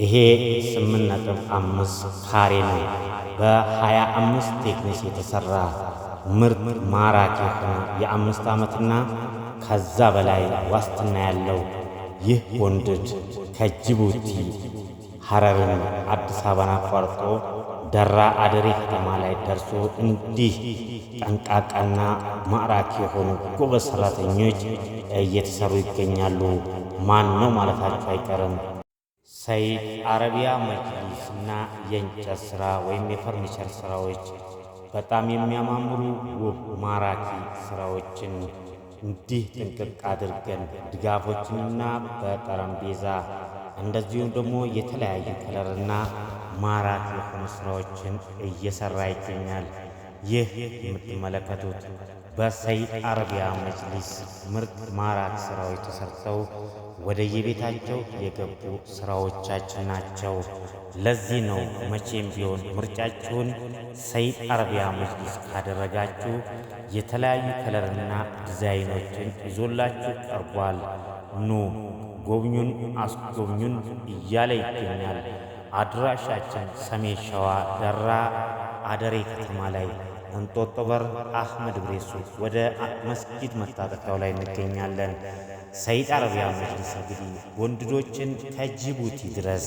ይሄ ስምንት ነጥብ አምስት ካሬ ነው። በሀያ አምስት ቴክኒክ የተሰራ ምርጥ ማራኪ የሆነ የአምስት ዓመትና ከዛ በላይ ዋስትና ያለው ይህ ቦንድድ ከጅቡቲ ሐረርን አዲስ አበባን አቋርጦ ደራ አደሬ ከተማ ላይ ደርሶ እንዲህ ጠንቃቃና ማራኪ የሆኑ ጎበዝ ሠራተኞች እየተሰሩ ይገኛሉ። ማን ነው ማለታቸው አይቀርም። ሰይድ አረቢያ መጅሊስ እና የእንጨት ስራ ወይም የፈርኒቸር ስራዎች በጣም የሚያማምሩ ውብ ማራኪ ስራዎችን እንዲህ ጥንቅቅ አድርገን ድጋፎችንና በጠረጴዛ እንደዚሁም ደግሞ የተለያዩ ከለርና ማራኪ የሆኑ ሥራዎችን እየሠራ ይገኛል። ይህ የምትመለከቱት በሰይድ አረቢያ መጅሊስ ምርጥ ማራክ ስራዎች ተሰርተው ወደ የቤታቸው የገቡ ስራዎቻችን ናቸው። ለዚህ ነው መቼም ቢሆን ምርጫችሁን ሰይድ አረቢያ መጅሊስ ካደረጋችሁ የተለያዩ ከለርና ዲዛይኖችን ይዞላችሁ ቀርቧል። ኑ ጎብኙን፣ አስጎብኙን እያለ ይገኛል። አድራሻችን ሰሜን ሸዋ ደራ አደሬ ከተማ ላይ እንጦጦ በር አህመድ ብሬሱ ወደ መስጊድ መታጠቂያው ላይ እንገኛለን። ሰይድ አረቢያ መጅሊስ እንግዲህ ወንድዶችን ከጅቡቲ ድረስ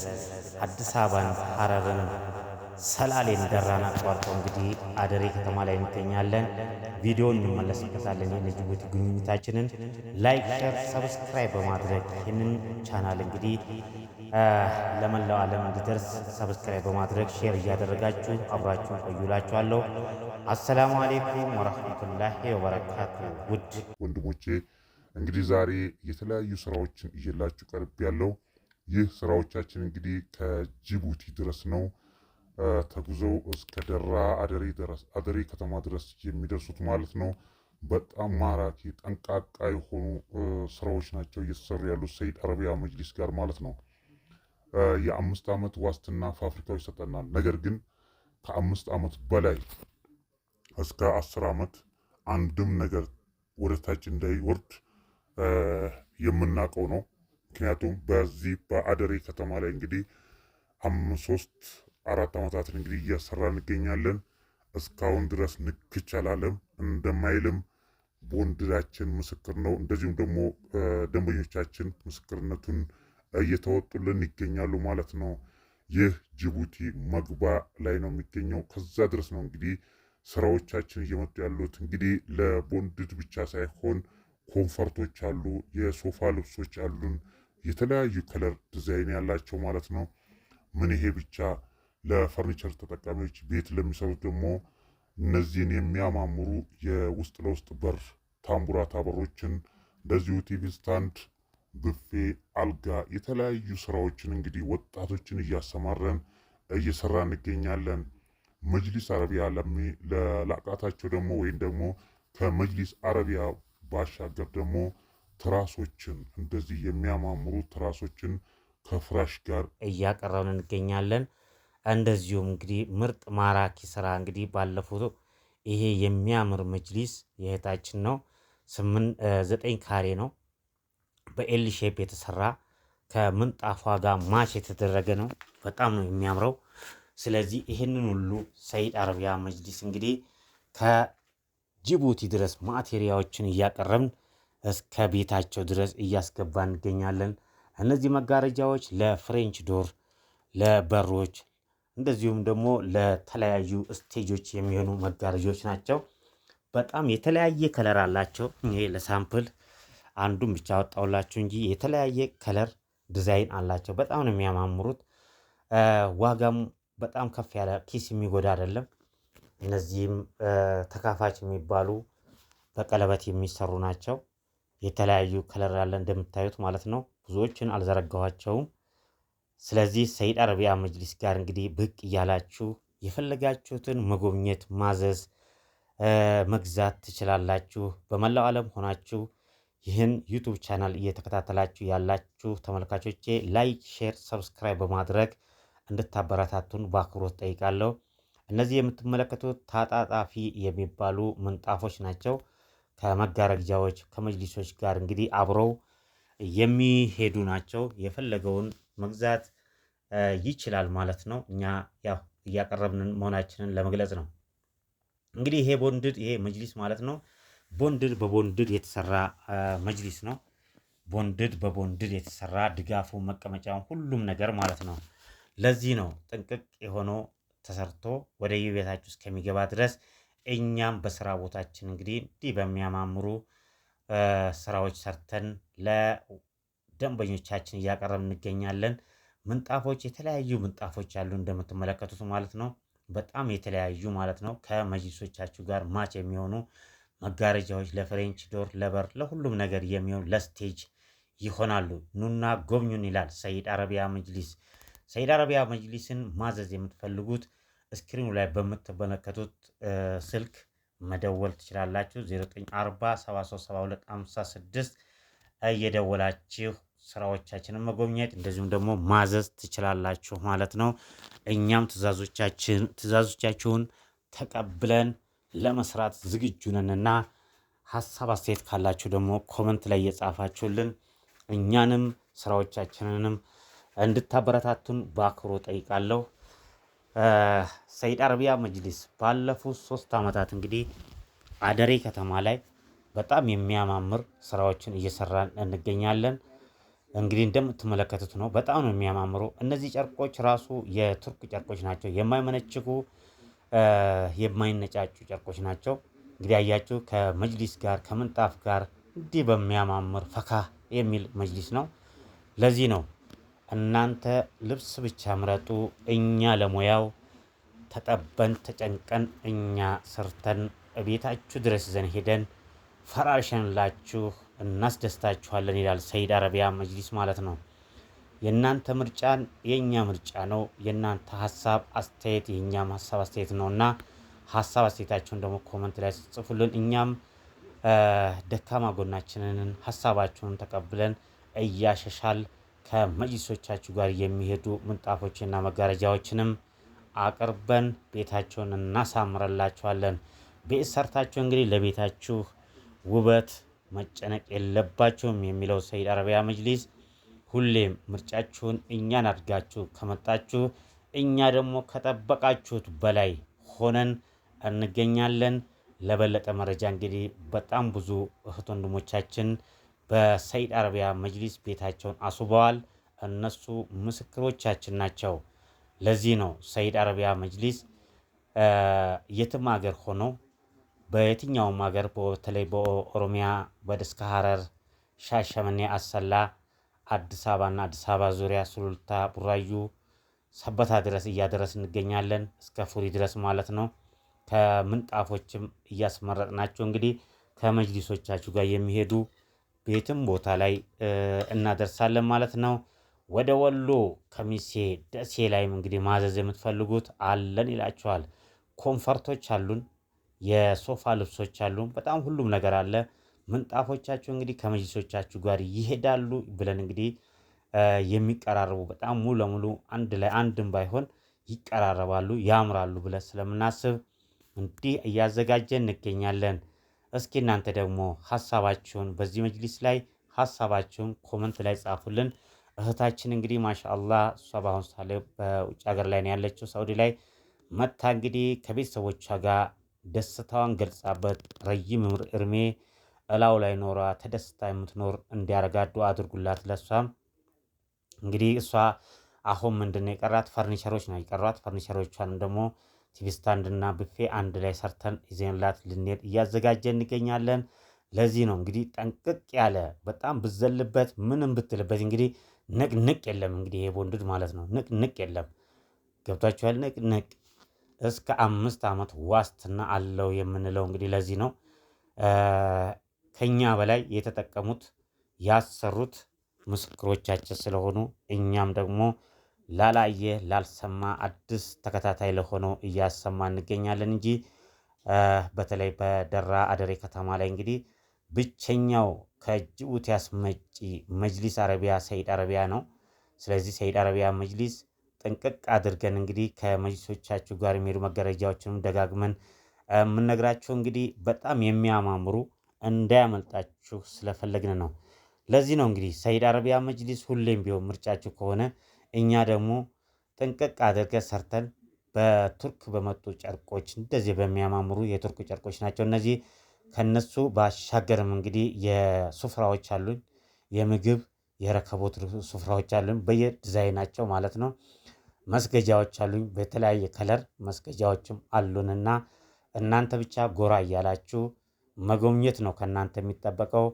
አዲስ አበባን ሐረርን ሰላሌን ደራና አቋርጠው እንግዲህ አደሬ ከተማ ላይ እንገኛለን። ቪዲዮ እንመለስበታለን። የጅቡቲ ግንኙነታችንን ላይክ፣ ሸር፣ ሰብስክራይብ በማድረግ ይህንን ቻናል እንግዲህ ለመላው ዓለም እንዲደርስ ሰብስክራይብ በማድረግ ሼር እያደረጋችሁ አብራችሁ ቆዩላችኋለሁ። አሰላሙ አሌይኩም ወረህመቱላሂ ወበረካቱ። ውድ ወንድሞቼ እንግዲህ ዛሬ የተለያዩ ስራዎችን እየላችሁ ቀርብ ያለው ይህ ስራዎቻችን እንግዲህ ከጅቡቲ ድረስ ነው ተጉዘው እስከ ደራ አደሬ ከተማ ድረስ የሚደርሱት ማለት ነው። በጣም ማራኪ ጠንቃቃ የሆኑ ስራዎች ናቸው እየተሰሩ ያሉት ሰይድ አረቢያ መጅሊስ ጋር ማለት ነው። የአምስት ዓመት ዋስትና ፋብሪካው ይሰጠናል። ነገር ግን ከአምስት ዓመት በላይ እስከ አስር ዓመት አንድም ነገር ወደ ታች እንዳይወርድ የምናውቀው ነው። ምክንያቱም በዚህ በአደሬ ከተማ ላይ እንግዲህ ሶስት አራት ዓመታትን እንግዲህ እያሰራ እንገኛለን። እስካሁን ድረስ ንክች አላለም እንደማይልም ቦንድዳችን ምስክር ነው። እንደዚሁም ደግሞ ደንበኞቻችን ምስክርነቱን እየተወጡልን ይገኛሉ ማለት ነው። ይህ ጅቡቲ መግባ ላይ ነው የሚገኘው። ከዛ ድረስ ነው እንግዲህ ስራዎቻችን እየመጡ ያሉት። እንግዲህ ለቦንድድ ብቻ ሳይሆን ኮንፈርቶች አሉ፣ የሶፋ ልብሶች አሉን፣ የተለያዩ ከለር ዲዛይን ያላቸው ማለት ነው። ምን ይሄ ብቻ ለፈርኒቸር ተጠቃሚዎች ቤት ለሚሰሩት ደግሞ እነዚህን የሚያማምሩ የውስጥ ለውስጥ በር ታምቡራታ በሮችን እንደዚሁ ቲቪ ስታንድ፣ ብፌ፣ አልጋ የተለያዩ ስራዎችን እንግዲህ ወጣቶችን እያሰማረን እየሰራ እንገኛለን። መጅሊስ አረቢያ ለላቃታቸው ደግሞ ወይም ደግሞ ከመጅሊስ አረቢያ ባሻገር ደግሞ ትራሶችን እንደዚህ የሚያማምሩ ትራሶችን ከፍራሽ ጋር እያቀረብን እንገኛለን። እንደዚሁም እንግዲህ ምርጥ ማራኪ ስራ እንግዲህ ባለፉት ይሄ የሚያምር መጅሊስ የእህታችን ነው። ዘጠኝ ካሬ ነው። በኤል ሼፕ የተሰራ ከምንጣፏ ጋር ማች የተደረገ ነው። በጣም ነው የሚያምረው። ስለዚህ ይህንን ሁሉ ሰይድ አረቢያ መጅሊስ እንግዲህ ከጅቡቲ ድረስ ማቴሪያዎችን እያቀረብን እስከ ቤታቸው ድረስ እያስገባ እንገኛለን። እነዚህ መጋረጃዎች ለፍሬንች ዶር፣ ለበሮች እንደዚሁም ደግሞ ለተለያዩ ስቴጆች የሚሆኑ መጋረጃዎች ናቸው። በጣም የተለያየ ከለር አላቸው። ይሄ ለሳምፕል አንዱን ብቻ አወጣውላችሁ እንጂ የተለያየ ከለር ዲዛይን አላቸው። በጣም ነው የሚያማምሩት። ዋጋም በጣም ከፍ ያለ ኪስ የሚጎዳ አይደለም። እነዚህም ተካፋች የሚባሉ በቀለበት የሚሰሩ ናቸው። የተለያዩ ከለር ያለ እንደምታዩት ማለት ነው። ብዙዎችን አልዘረጋኋቸውም። ስለዚህ ሰይድ አረቢያ መጅሊስ ጋር እንግዲህ ብቅ እያላችሁ የፈለጋችሁትን መጎብኘት፣ ማዘዝ፣ መግዛት ትችላላችሁ። በመላው ዓለም ሆናችሁ ይህን ዩቱብ ቻናል እየተከታተላችሁ ያላችሁ ተመልካቾቼ ላይክ፣ ሼር፣ ሰብስክራይብ በማድረግ እንድታበረታቱን በአክብሮት ጠይቃለሁ። እነዚህ የምትመለከቱት ታጣጣፊ የሚባሉ ምንጣፎች ናቸው። ከመጋረጃዎች ከመጅሊሶች ጋር እንግዲህ አብረው የሚሄዱ ናቸው። የፈለገውን መግዛት ይችላል ማለት ነው። እኛ ያው እያቀረብን መሆናችንን ለመግለጽ ነው። እንግዲህ ይሄ ቦንድድ ይሄ መጅሊስ ማለት ነው። ቦንድድ በቦንድድ የተሰራ መጅሊስ ነው። ቦንድድ በቦንድድ የተሰራ ድጋፉ፣ መቀመጫው ሁሉም ነገር ማለት ነው። ለዚህ ነው ጥንቅቅ የሆነው ተሰርቶ ወደ የቤታችሁ እስከሚገባ ድረስ እኛም በስራ ቦታችን እንግዲህ እንዲህ በሚያማምሩ ስራዎች ሰርተን ለ ደንበኞቻችን እያቀረብ እንገኛለን። ምንጣፎች የተለያዩ ምንጣፎች ያሉ እንደምትመለከቱት ማለት ነው። በጣም የተለያዩ ማለት ነው። ከመጅልሶቻችሁ ጋር ማች የሚሆኑ መጋረጃዎች ለፍሬንች ዶር፣ ለበር፣ ለሁሉም ነገር የሚሆን ለስቴጅ ይሆናሉ። ኑና ጎብኙን ይላል ሰይድ አረቢያ መጅሊስ። ሰይድ አረቢያ መጅሊስን ማዘዝ የምትፈልጉት እስክሪኑ ላይ በምትመለከቱት ስልክ መደወል ትችላላችሁ። 0947372556 እየደወላችሁ ስራዎቻችንን መጎብኘት እንደዚሁም ደግሞ ማዘዝ ትችላላችሁ ማለት ነው። እኛም ትእዛዞቻችሁን ተቀብለን ለመስራት ዝግጁ ነንና ሀሳብ አስተያየት ካላችሁ ደግሞ ኮመንት ላይ እየጻፋችሁልን እኛንም ስራዎቻችንንም እንድታበረታቱን በአክብሮ ጠይቃለሁ። ሰይድ አረቢያ መጅሊስ ባለፉት ሶስት ዓመታት እንግዲህ አደሬ ከተማ ላይ በጣም የሚያማምር ስራዎችን እየሰራን እንገኛለን። እንግዲህ እንደምትመለከቱት ነው። በጣም ነው የሚያማምሩ እነዚህ ጨርቆች ራሱ የቱርክ ጨርቆች ናቸው። የማይመነችጉ የማይነጫጩ ጨርቆች ናቸው። እንግዲህ አያችሁ ከመጅሊስ ጋር ከምንጣፍ ጋር እንዲህ በሚያማምር ፈካ የሚል መጅሊስ ነው። ለዚህ ነው እናንተ ልብስ ብቻ ምረጡ፣ እኛ ለሙያው ተጠበን ተጨንቀን እኛ ሰርተን ቤታችሁ ድረስ ይዘን ሄደን ፈራርሸንላችሁ እናስደስታችኋለን ይላል ሰይድ አረቢያ መጅሊስ ማለት ነው። የእናንተ ምርጫን የእኛ ምርጫ ነው። የእናንተ ሀሳብ አስተያየት የእኛም ሀሳብ አስተያየት ነው እና ሀሳብ አስተያየታችሁን ደግሞ ኮመንት ላይ ጽፉልን። እኛም ደካማ ጎናችንን ሀሳባችሁን ተቀብለን እያሸሻል ከመጅሊሶቻችሁ ጋር የሚሄዱ ምንጣፎችና መጋረጃዎችንም አቅርበን ቤታቸውን እናሳምረላችኋለን። ቤት ሰርታችሁ እንግዲህ ለቤታችሁ ውበት መጨነቅ የለባቸውም የሚለው ሰይድ አረቢያ መጅሊስ ሁሌም ምርጫችሁን እኛን አድርጋችሁ ከመጣችሁ እኛ ደግሞ ከጠበቃችሁት በላይ ሆነን እንገኛለን። ለበለጠ መረጃ እንግዲህ በጣም ብዙ እህት ወንድሞቻችን በሰይድ አረቢያ መጅሊስ ቤታቸውን አስውበዋል። እነሱ ምስክሮቻችን ናቸው። ለዚህ ነው ሰይድ አረቢያ መጅሊስ የትም ሀገር ሆነው በየትኛውም ሀገር በተለይ በኦሮሚያ በደስከ ሀረር፣ ሻሸመኔ፣ አሰላ፣ አዲስ አበባና አዲስ አበባ ዙሪያ ሱሉልታ፣ ቡራዩ፣ ሰበታ ድረስ እያደረስ እንገኛለን እስከ ፉሪ ድረስ ማለት ነው። ከምንጣፎችም እያስመረጥናቸው እንግዲህ ከመጅሊሶቻችሁ ጋር የሚሄዱ ቤትም ቦታ ላይ እናደርሳለን ማለት ነው። ወደ ወሎ ከሚሴ ደሴ ላይም እንግዲህ ማዘዝ የምትፈልጉት አለን ይላችኋል። ኮንፈርቶች አሉን የሶፋ ልብሶች አሉ። በጣም ሁሉም ነገር አለ። ምንጣፎቻችሁ እንግዲህ ከመጅሶቻችሁ ጋር ይሄዳሉ ብለን እንግዲህ የሚቀራረቡ በጣም ሙሉ ለሙሉ አንድ ላይ አንድም ባይሆን ይቀራረባሉ፣ ያምራሉ ብለን ስለምናስብ እንዲህ እያዘጋጀን እንገኛለን። እስኪ እናንተ ደግሞ ሀሳባችሁን በዚህ መጅሊስ ላይ ሀሳባችሁን ኮመንት ላይ ጻፉልን። እህታችን እንግዲህ ማሻአላ እሷ በአሁን ሳሌ በውጭ ሀገር ላይ ነው ያለችው፣ ሳውዲ ላይ መታ እንግዲህ ከቤተሰቦቿ ጋር ደስታዋን ገልጻበት ረጅም እድሜ እላው ላይ ኖሯ ተደስታ የምትኖር እንዲያረጋዱ አድርጉላት። ለሷ እንግዲህ እሷ አሁን ምንድን የቀራት ፈርኒቸሮች ነው የቀሯት። ፈርኒቸሮቿን ደግሞ ቲቪ ስታንድና ብፌ አንድ ላይ ሰርተን ይዘንላት ልንሄድ እያዘጋጀ እንገኛለን። ለዚህ ነው እንግዲህ ጠንቅቅ ያለ በጣም ብዘልበት ምንም ብትልበት እንግዲህ ንቅንቅ የለም። እንግዲህ ይሄ ቦንድድ ማለት ነው። ንቅንቅ የለም። ገብቷችኋል? ንቅንቅ እስከ አምስት ዓመት ዋስትና አለው የምንለው እንግዲህ ለዚህ ነው። ከኛ በላይ የተጠቀሙት ያሰሩት ምስክሮቻችን ስለሆኑ እኛም ደግሞ ላላየ ላልሰማ አዲስ ተከታታይ ለሆነው እያሰማ እንገኛለን እንጂ በተለይ በደራ አደሬ ከተማ ላይ እንግዲህ ብቸኛው ከጅቡቲ አስመጪ መጅሊስ አረቢያ ሰይድ አረቢያ ነው። ስለዚህ ሰይድ አረቢያ መጅሊስ ጥንቅቅ አድርገን እንግዲህ ከመጅሊሶቻችሁ ጋር የሚሄዱ መጋረጃዎችንም ደጋግመን የምነግራችሁ እንግዲህ በጣም የሚያማምሩ እንዳያመልጣችሁ ስለፈለግን ነው። ለዚህ ነው እንግዲህ ሰይድ አረቢያ መጅሊስ ሁሌም ቢሆን ምርጫችሁ ከሆነ እኛ ደግሞ ጥንቅቅ አድርገን ሰርተን በቱርክ በመጡ ጨርቆች እንደዚህ በሚያማምሩ የቱርክ ጨርቆች ናቸው እነዚህ። ከነሱ ባሻገርም እንግዲህ የሱፍራዎች አሉኝ፣ የምግብ የረከቦት ሱፍራዎች አሉኝ በየዲዛይናቸው ማለት ነው። መስገጃዎች አሉኝ። በተለያየ ከለር መስገጃዎችም አሉንና እናንተ ብቻ ጎራ እያላችሁ መጎብኘት ነው ከእናንተ የሚጠበቀው።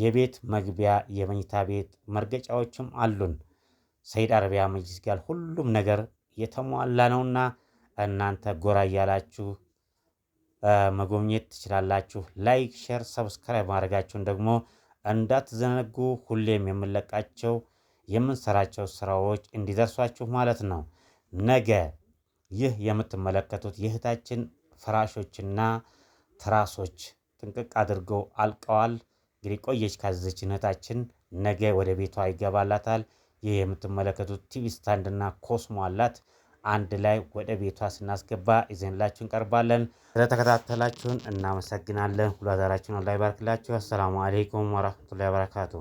የቤት መግቢያ የመኝታ ቤት መርገጫዎችም አሉን። ሰይድ አረቢያ መጅሊስ ጋር ሁሉም ነገር የተሟላ ነውና እናንተ ጎራ እያላችሁ መጎብኘት ትችላላችሁ። ላይክ፣ ሼር፣ ሰብስክራይብ ማድረጋችሁን ደግሞ እንዳትዘነጉ። ሁሌም የምለቃቸው የምንሰራቸው ስራዎች እንዲደርሷችሁ ማለት ነው። ነገ ይህ የምትመለከቱት የእህታችን ፍራሾችና ትራሶች ጥንቅቅ አድርገው አልቀዋል። እንግዲህ ቆየች ካዘዘች እህታችን ነገ ወደ ቤቷ ይገባላታል። ይህ የምትመለከቱት ቲቪ ስታንድና ኮስሞ አላት። አንድ ላይ ወደ ቤቷ ስናስገባ ይዘንላችሁ እንቀርባለን። ስለተከታተላችሁን እናመሰግናለን። ሁሉ አዳራችሁን አላህ ይባርክላችሁ። አሰላሙ አሌይኩም ወራህመቱላሂ ወበረካቱ።